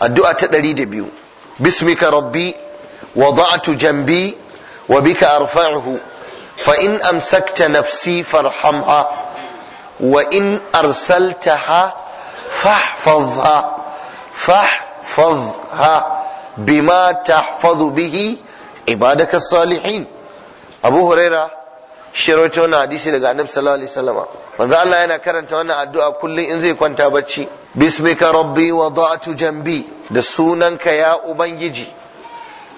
addu'a ta ɗari da biyu bismika rabbi wada'tu jambi wa bika arfa'uhu fa in amsakta nafsi farhamha wa in arsaltaha fahfazha fahfazha bima tahfazu bihi ibadaka salihin abu huraira shi wannan hadisi daga annabi sallallahu alaihi wasallam manzo Allah yana karanta wannan addu'a kullum in zai kwanta bacci bismika rabbi wada'tu jambi da sunanka ya ubangiji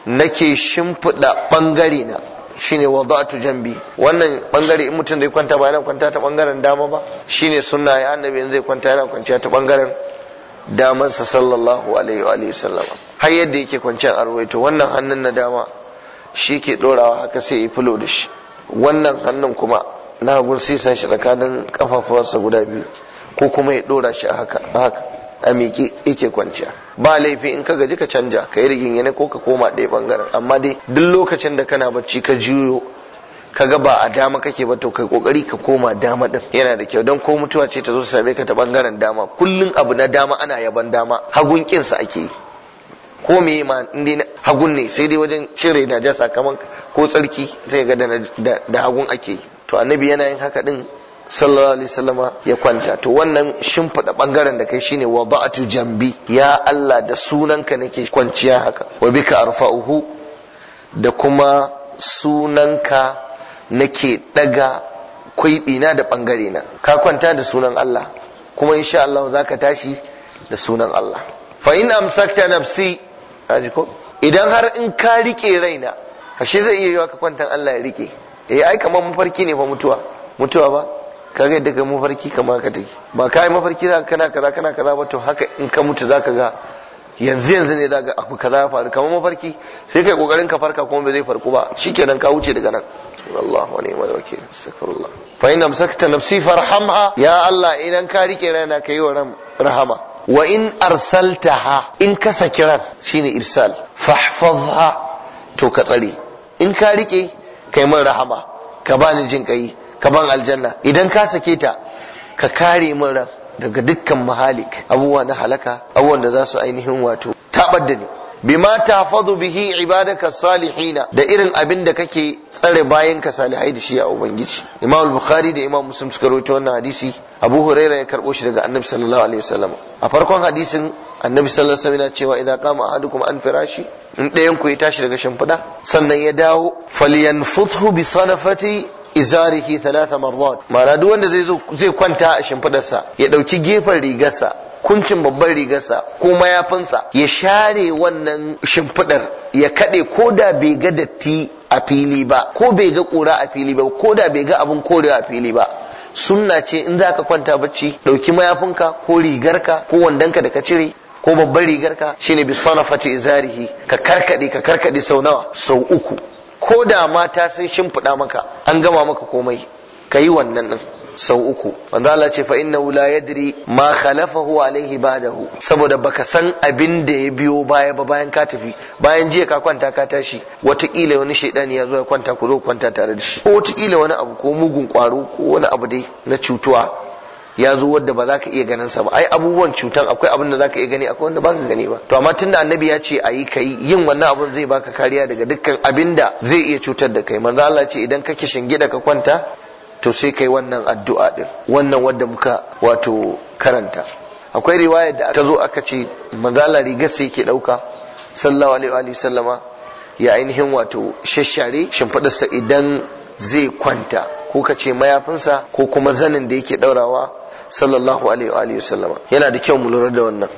nake shimfiɗa ɓangare na shine wada'tu jambi wannan bangare in mutum zai kwanta ba yana kwanta ta bangaren dama ba shine sunna ya annabi in zai kwanta yana kwanciya ta bangaren sa sallallahu alaihi wa alihi sallam har yadda yake kwanciyar arwaito wannan hannun na dama shi ke dorawa haka sai ya fulo da shi wannan hannun kuma na gursi sa shi tsakanin kafafuwarsa guda biyu ko kuma ya dora shi haka haka a miƙe yake kwanciya ba laifi in ka gaji ka canja ka yi rigingine ko ka koma ɗaya bangaren amma dai duk lokacin da kana bacci ka juyo ka ga ba a dama kake ba to kai kokari ka koma dama din yana da kyau don ko mutuwa ce ta zo ta same ka ta bangaren dama kullun abu na dama ana yaban dama hagun kinsa ake yi ko me ma indai hagun ne sai dai wajen cire najasa kaman ko tsarki sai ga da hagun ake yi to annabi yana yin haka din sallallahu alaihi wasallama ya kwanta to wannan shimfiɗa bangaren da kai shine wada'atu jambi ya Allah da sunanka nake kwanciya haka wa bika arfa'uhu da kuma sunanka nake daga na da bangare na ka kwanta da sunan Allah kuma insha Allah za ka tashi da sunan Allah fa in amsakta nafsi kaji ko idan har in ka rike raina ashe zai iya yiwa ka kwantan Allah ya rike eh ai kamar mafarki ne fa mutuwa mutuwa ba ka ga daga mafarki kamar ka take ba ka yi mafarki da kana kaza kana kaza ba to haka in ka mutu za ka ga yanzu yanzu ne daga akwai kaza ya faru kamar mafarki sai kai kokarin ka farka kuma bai zai farku ba shikenan ka wuce daga nan Allah wa ni'mal wakil astaghfirullah fa in amsakta nafsi farhamha ya Allah idan ka rike rana ka yi wa rahama wa in arsaltaha in ka saki ran shine irsal fahfazha to ka tsare in ka rike kai min rahama ka bani jin kai ka ban aljanna idan ka sake ta ka kare min ran daga dukkan mahalik abubuwa na halaka abubuwan da za su ainihin wato tabar da ni bima tahfadu bihi ibadaka salihina da irin abin da kake tsare bayan ka salihai da shi a ubangiji imam bukhari da imam muslim suka rawaito wannan hadisi abu huraira ya karbo shi daga annabi sallallahu alaihi wasallam a farkon hadisin annabi sallallahu alaihi wasallam cewa idan qama ahadukum an firashi in ɗayan ku ya tashi daga shimfiɗa sannan ya dawo falyanfuthu bi sanafati izarihi thalatha marrat ma'ana duk wanda zai zai kwanta a shimfidarsa ya dauki gefen rigarsa kuncin babban rigarsa ko mayafinsa ya share wannan shimfidar ya kade ko da bai ga datti a fili ba ko bai ga kura a fili ba ko da bai ga abin korewa a fili ba sunna ce in za ka kwanta bacci dauki mayafinka ko rigarka ko wandonka da ka cire ko babban rigarka shine bisfanafati izarihi ka karkade ka karkade sau nawa sau uku ko da mata sun shimfiɗa maka an gama maka komai ka yi wannan din sau uku wanda Allah ce fa inna la yadri ma khalafahu alaihi ba'dahu saboda baka san abin da ya biyo baya ba bayan ka tafi bayan jiya ka kwanta ka tashi wataƙila wani shaidani ya zo ya kwanta ku zo kwanta tare da shi ko wataƙila wani abu ko mugun ƙwaro ko wani abu dai na cutuwa ya zo wadda ba za ka iya ganin sa ba ai abubuwan cutan akwai abin da za ka iya gani akwai wanda ba ka gani ba to amma tunda annabi ya ce ayi kai yin wannan abun zai baka kariya daga dukkan abin da zai iya cutar da kai manzo Allah ce idan kake shingida ka kwanta to sai kai wannan addu'a din wannan wadda muka wato karanta akwai riwaya da ta zo aka ce manzo Allah rigar sai yake dauka sallallahu alaihi wa sallama ya ainihin wato shashare shimfidarsa idan zai kwanta ko ka ce mayafinsa ko kuma zanin da yake daurawa sallallahu alaihi wa sallama yana da kyau mu lura da wannan